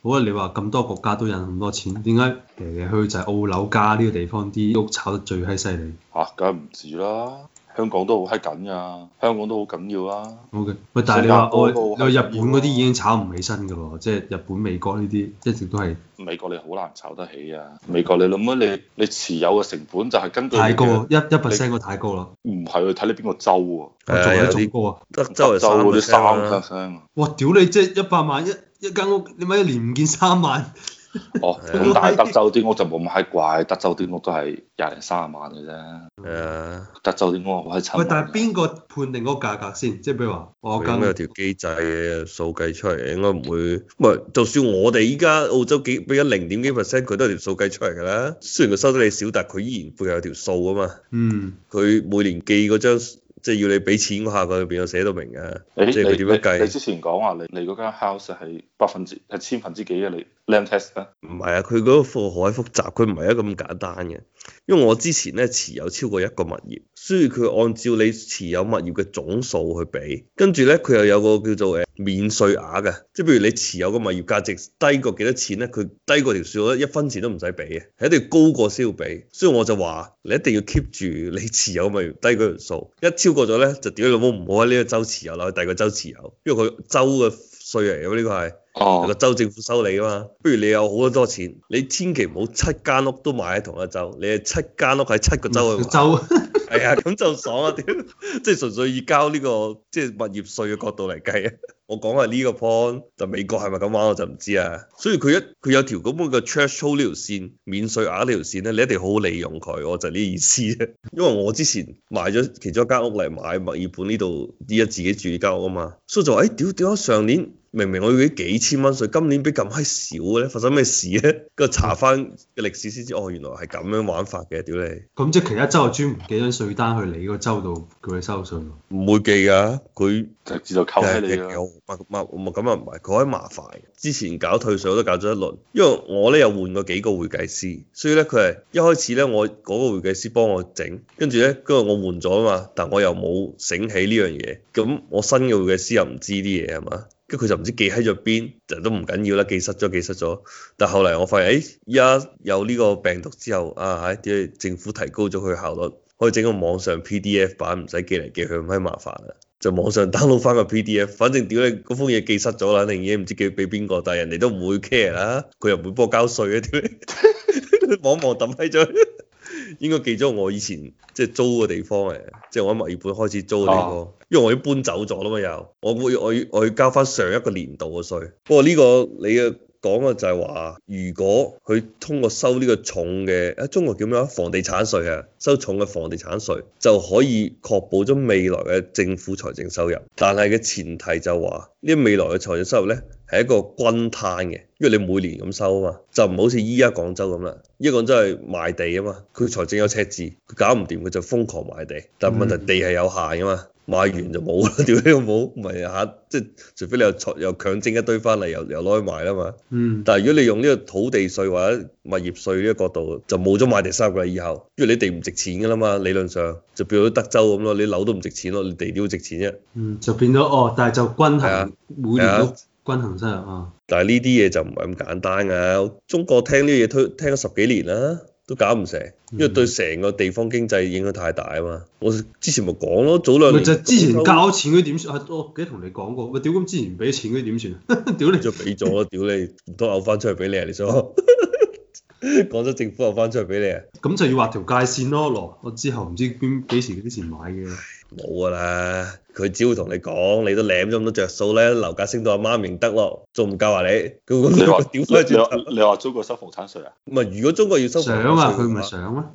好啊！你話咁多國家都有咁多錢，點解嚟嚟去就係澳紐加呢個地方啲屋炒得最閪犀利？嚇、啊，梗係唔止啦！香港都好閪緊啊，香港都好緊要啊！Okay，喂，但係你話我，你日本嗰啲已經炒唔起身㗎喎，即係日本、美國呢啲一直都係美國你好難炒得起啊！美國你諗啊，你你持有嘅成本就係根據太高一一 percent 個太高啦！唔係啊，睇你邊個州喎？誒，啊、德州係收嗰啲三 percent 啊！哇！屌你，即係一百萬一。一間屋，你咪一年唔見三萬。 哦，咁、啊、但係德州啲屋就冇咁閪貴，德州啲屋都係廿零三十萬嘅啫。誒、啊，德州啲屋好閪慘。但係邊個判定嗰個價格先？即、就、係、是、比如話，我間。佢應該有條機制嘅，數計出嚟，應該唔會。唔係，就算我哋依家澳洲幾俾咗零點幾 percent，佢都係條數計出嚟㗎啦。雖然佢收得你少，但係佢依然背後有條數啊嘛。嗯。佢每年寄嗰張。即係要你俾錢嗰下，佢入邊有寫到明嘅？你，即係佢點樣計？你之前講話你你嗰間 house 係百分之係千分之幾嘅？你 land test 啊？唔係啊，佢嗰個貨海複雜，佢唔係一個咁簡單嘅。因為我之前咧持有超過一個物業，所以佢按照你持有物業嘅總數去俾，跟住咧佢又有個叫做誒。免稅額嘅，即係譬如你持有嘅物業價值低過幾多錢咧，佢低過條數咧，一分錢都唔使俾嘅，係一定要高過先要俾。所以我就話你一定要 keep 住你持有物業低過條數，一超過咗咧就屌你老母，唔好喺呢個州持有啦，去第二個州持有，因為佢州嘅稅嚟㗎嘛，呢、呢個係哦，oh. 個州政府收你㗎嘛。不如你有好多多錢，你千祈唔好七間屋都買喺同一州，你係七間屋喺七個州去買，係啊州，咁、 哎、就爽啊！屌，即係純粹以交呢、呢個即係物業稅嘅角度嚟計啊。我講係呢個 point，就美國係咪咁玩我就唔知啊。所以佢一，佢有條咁嘅 threshold 呢條線，免稅額呢條線咧，你一定要好好利用佢，我就呢意思 因為我之前賣咗其中一間屋嚟買墨爾本呢度依家自己住嘅間屋啊嘛，所以就話屌屌，上年。明明我要啲幾千蚊稅，今年比咁閪少嘅咧，發生咩事咧？跟住 查翻嘅歷史先知，哦，原來係咁樣玩法嘅，屌你！咁即係其他州專唔記得稅單去你個州度叫佢收稅，唔會記㗎，佢就自動扣喺你有唔咪唔咪咁啊，唔係嗰啲麻煩。之前搞退稅我都搞咗一輪，因為我咧又換過幾個會計師，所以咧佢係一開始咧我嗰個會計師幫我整，跟住咧跟住我換咗啊嘛，但我又冇醒起呢樣嘢，咁我新嘅會計師又唔知啲嘢係嘛？跟住佢就唔知寄喺咗邊，就都唔緊要啦，寄失咗，寄失咗。但後嚟我發現，哎，而家有呢個病毒之後，啊，啲、哎、政府提高咗佢效率，可以整個網上 PDF 版，唔使寄嚟寄去咁閪麻煩啦。就網上 download 翻個 PDF，反正屌你嗰封嘢寄失咗啦，肯定已經唔知寄俾邊個，但係人哋都唔會 care 啦，佢又唔會幫我交稅啊，屌你，望望抌喺咗。應該記咗我以前即係租嘅地方誒，即係我喺墨爾本開始租嘅地方，啊、因為我已經搬走咗啦嘛又，我會我要我要交翻上一個年度嘅稅。不過呢、呢個你嘅講嘅就係話，如果佢通過收呢個重嘅，啊中國叫咩啊？房地產稅啊，收重嘅房地產稅就可以確保咗未來嘅政府財政收入。但係嘅前提就係話，呢未來嘅財政收入咧係一個均攤嘅。因為你每年咁收啊嘛，就唔好似依家廣州咁啦。依家廣州係賣地啊嘛，佢財政有赤字，佢搞唔掂佢就瘋狂賣地。但問題、嗯、地係有限噶嘛，賣完就冇啦，屌你冇，唔係下即係、就係、除非你又又強徵一堆翻嚟，又又攞去賣啦嘛。嗯。但係如果你用呢個土地稅或者物業稅呢個角度，就冇咗賣地收入啦。以後因為你地唔值錢噶啦嘛，理論上就變咗德州咁咯，你樓都唔值錢咯，你地都要值錢啫。嗯，就變咗哦，但係就均衡每年的的均衡真係啊！但係呢啲嘢就唔係咁簡單啊！中國聽呢啲嘢推聽咗十幾年啦，都搞唔成，因為對成個地方經濟影響太大啊嘛！我之前咪講咯，早兩年就之前交咗錢嗰啲點算、嗯？我記得同你講過，咪屌咁之前俾錢嗰啲點算啊？屌 你！就俾咗，屌你！唔通嘔翻出去俾你啊？你想？ 講咗政府又翻出嚟俾你啊！咁就要劃條界線咯，羅。我之後唔知邊幾時幾時買嘅，冇㗎啦。佢只會同你講，你都舐咗咁多著數咧，樓價升到阿媽唔認得咯，仲唔夠啊你？咁樣調翻你話說、啊、中國收房產稅啊？唔係，如果中國要收房產稅，想啊，佢唔係想咩、啊？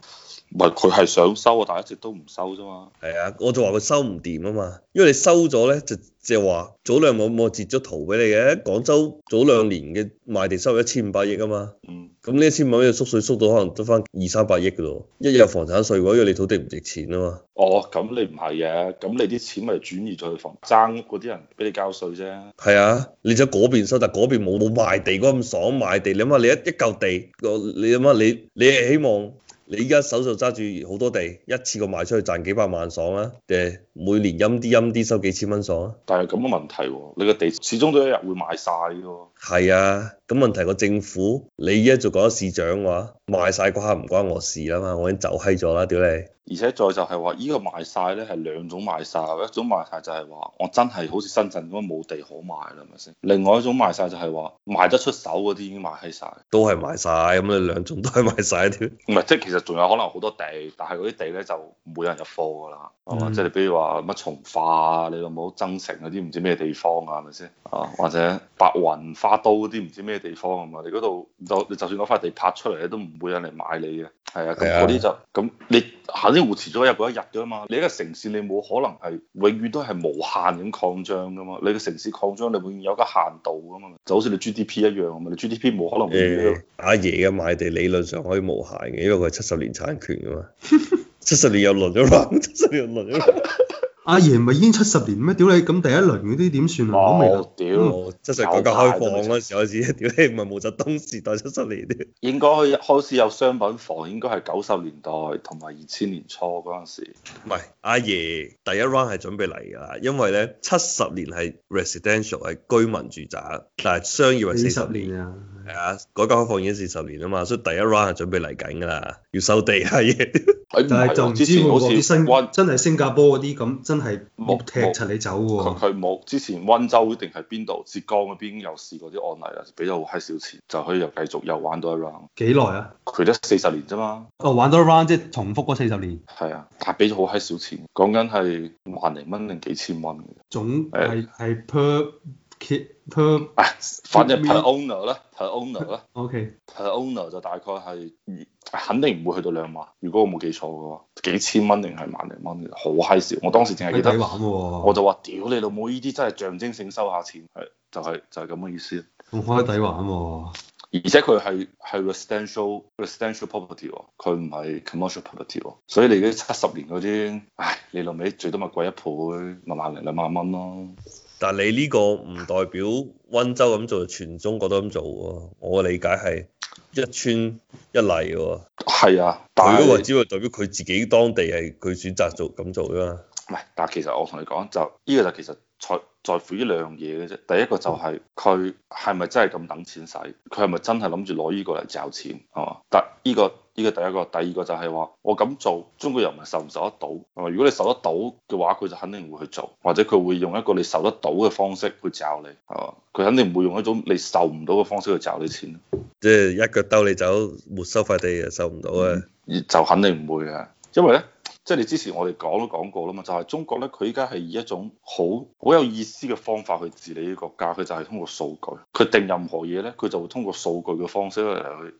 唔係佢係想收啊，但係一直都唔收啫嘛。係啊，我就話佢收唔掂啊嘛。因為你收咗咧，就即係話早兩年我截咗圖俾你嘅。廣州早兩年嘅賣地收入一千五百億啊嘛。嗯。咁呢一千五百億縮水縮到可能得翻二三百億嘅咯。一日有房產稅嘅話，因為你土地唔值錢啊嘛。哦，咁你唔係啊？咁你啲錢咪轉移咗去房爭嗰啲人俾你交稅啫。係啊，你喺嗰邊收，但係嗰邊冇賣地嗰咁爽賣地。你諗下，你一一嚿地個，你諗下你諗下你係希望？你依家手上揸住好多地，一次過賣出去賺幾百萬爽啊？誒，每年陰啲陰啲收幾千蚊爽啊？但係咁嘅問題喎，你個地始終都有一日會賣曬嘅喎。係啊。咁問題個政府，你而家做講得市長嘅話，賣晒嗰，唔關我事啊嘛，我已經走閪咗啦屌你！而且再就係話依個賣晒咧，係兩種賣晒。一種賣晒就係話我真係好似深圳咁樣冇地可賣啦，係咪先？另外一種賣晒就係話賣得出手嗰啲已經賣閪晒，都係賣晒。咁你、嗯、兩種都係賣曬屌！唔係即係其實仲有可能好多地，但係嗰啲地咧就冇人入貨㗎啦，係嘛？即係你比如話乜從化你有冇增城嗰啲唔知咩地方啊，係咪先？啊 或者白雲花都嗰啲唔知咩、啊？是 地方啊嘛，你嗰度就你就算攞塊地拍出嚟咧，都唔會有人嚟買你嘅。係啊，咁嗰啲就咁，的你肯先會遲咗一嗰一日噶嘛。你一個城市，你冇可能係永遠都係無限咁擴張噶嘛。你個城市擴張，你永遠有個限度噶嘛。就好似你 GDP 一樣啊嘛。你 GDP 冇可能無限。阿、欸啊、爺嘅賣地理論上可以無限嘅，因為佢係七十年產權噶嘛。七十年又輪咗嘛，七十年又輪阿爺唔係已經七十年咩？屌你咁第一輪嗰啲點算啊？我未沒，屌七十年改革開放嗰時開始，屌派 你唔係毛澤東時代七十年啲。應該開始有商品房，應該係九十年代同埋二千年初嗰陣時。唔係，阿爺第一 round 係準備嚟㗎，因為咧七十年係 residential 係居民住宅，但係商業係四十年。係啊，嗰、那個、間房已經四十年啊嘛，所以第一 round 係準備嚟緊㗎喇，要收地、哎、啊但係就唔知喎啲新真係新加坡嗰啲咁，真係冇沒踢柒你走喎。佢冇之前溫州定係邊度？浙江嗰邊有試過啲案例啊，俾咗好閪少錢就可以又繼續又玩多一 round。幾耐啊？佢得四十年啫嘛。哦，玩多一 round 即係重複嗰四十年。係啊，但係俾咗好閪少錢，講緊係萬零蚊定幾千蚊嘅。總係是 per。嗯 per，反正 per owner 啦 per owner 啦 OK，per owner 就大概係，肯定唔會去到兩萬，如果我冇記錯嘅話，幾千蚊定係萬零蚊，好 high 笑。我當時淨係記得，玩啊、我就話，屌你老母，呢啲真係象徵性收下錢，係，就係、是、就係咁嘅意思。咁開底玩喎、啊，而且佢係係 residential residential property，佢唔係 commercial property，所以你嗰啲七十年嗰啲，唉，你老尾最多咪貴一倍，萬零兩萬蚊咯。但係你呢個唔代表溫州咁做，全中國都咁做喎。我嘅理解係一村一例嘅喎。係啊，但係佢嗰個只係代表佢自己當地係佢選擇做咁做啫嘛。唔係，但係其實我同你講，就呢個就其實在在乎呢兩樣嘢嘅啫。第一個就係佢係咪真係咁等錢使？佢係咪真係諗住攞呢個嚟賺錢？係嘛？但呢個。呢個第一個，第二個就係話，我咁做，中國人民受唔受得到，係嘛？如果你受得到嘅話，佢就肯定會去做，或者佢會用一個你受得到嘅方式去詐你，係嘛？佢、啊、肯定唔會用一種你受唔到嘅方式去詐你錢。即係一腳兜你走，沒收塊地啊，收唔到啊，就肯定唔會啊，因為咧。即係你之前我哋講都講過啦嘛，就係中國咧，佢依家係以一種好好有意思嘅方法去治理呢個國家，佢就係通過數據，佢定任何嘢咧，佢就會通過數據嘅方式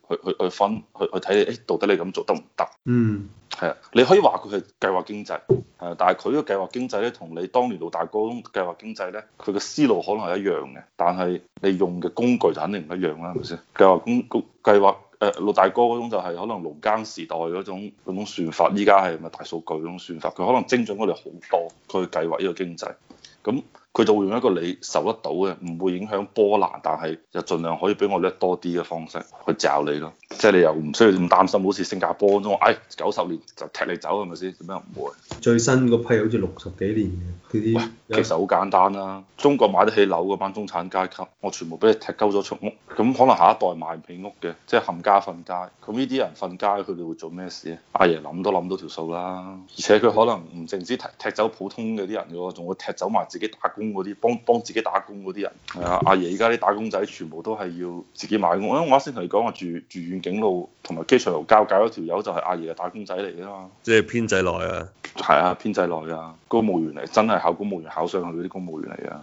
去去去去分去去睇你，誒、哎、到底你咁做得唔得？嗯，係啊，你可以話佢係計劃經濟，係啊，但係佢個計劃經濟咧，同你當年老大哥計劃經濟咧，佢嘅思路可能係一樣嘅，但係你用嘅工具就肯定唔一樣啦，係咪先？計劃公公計劃。誒，陸、呃、大哥嗰種就係可能農耕時代嗰種嗰種算法，依家係咪大數據嗰種算法？佢可能精準過你好多，佢去計劃呢個經濟咁。佢就會用一個你受得到嘅，唔會影響波瀾，但係就盡量可以俾我叻多啲嘅方式去罩你咯。即係你又唔需要咁擔心，好似新加坡咁，唉，九十年就踢你走係咪先？點樣唔會？最新嗰批好似六十幾年嘅啲，其實好簡單啦、啊。中國買得起樓嗰班中產階級，我全部俾你踢鳩咗出屋，咁可能下一代買唔起屋嘅，即係冚家瞓街。咁呢啲人瞓街，佢哋會做咩事啊？阿爺諗都諗到條數啦。而且佢可能唔淨止踢踢走普通嘅啲人嘅喎，仲會踢走埋自己打工，啲，幫幫自己打工嗰啲人，係啊，阿爺而家啲打工仔全部都係要自己買屋，因為我啱先同你講，我住住遠景路同埋機場路交界嗰條友就係阿、啊、爺嘅打工仔嚟噶嘛，即係編制內啊，係啊，編制內啊，公務員嚟，真係考公務員考上去嗰啲公務員嚟啊。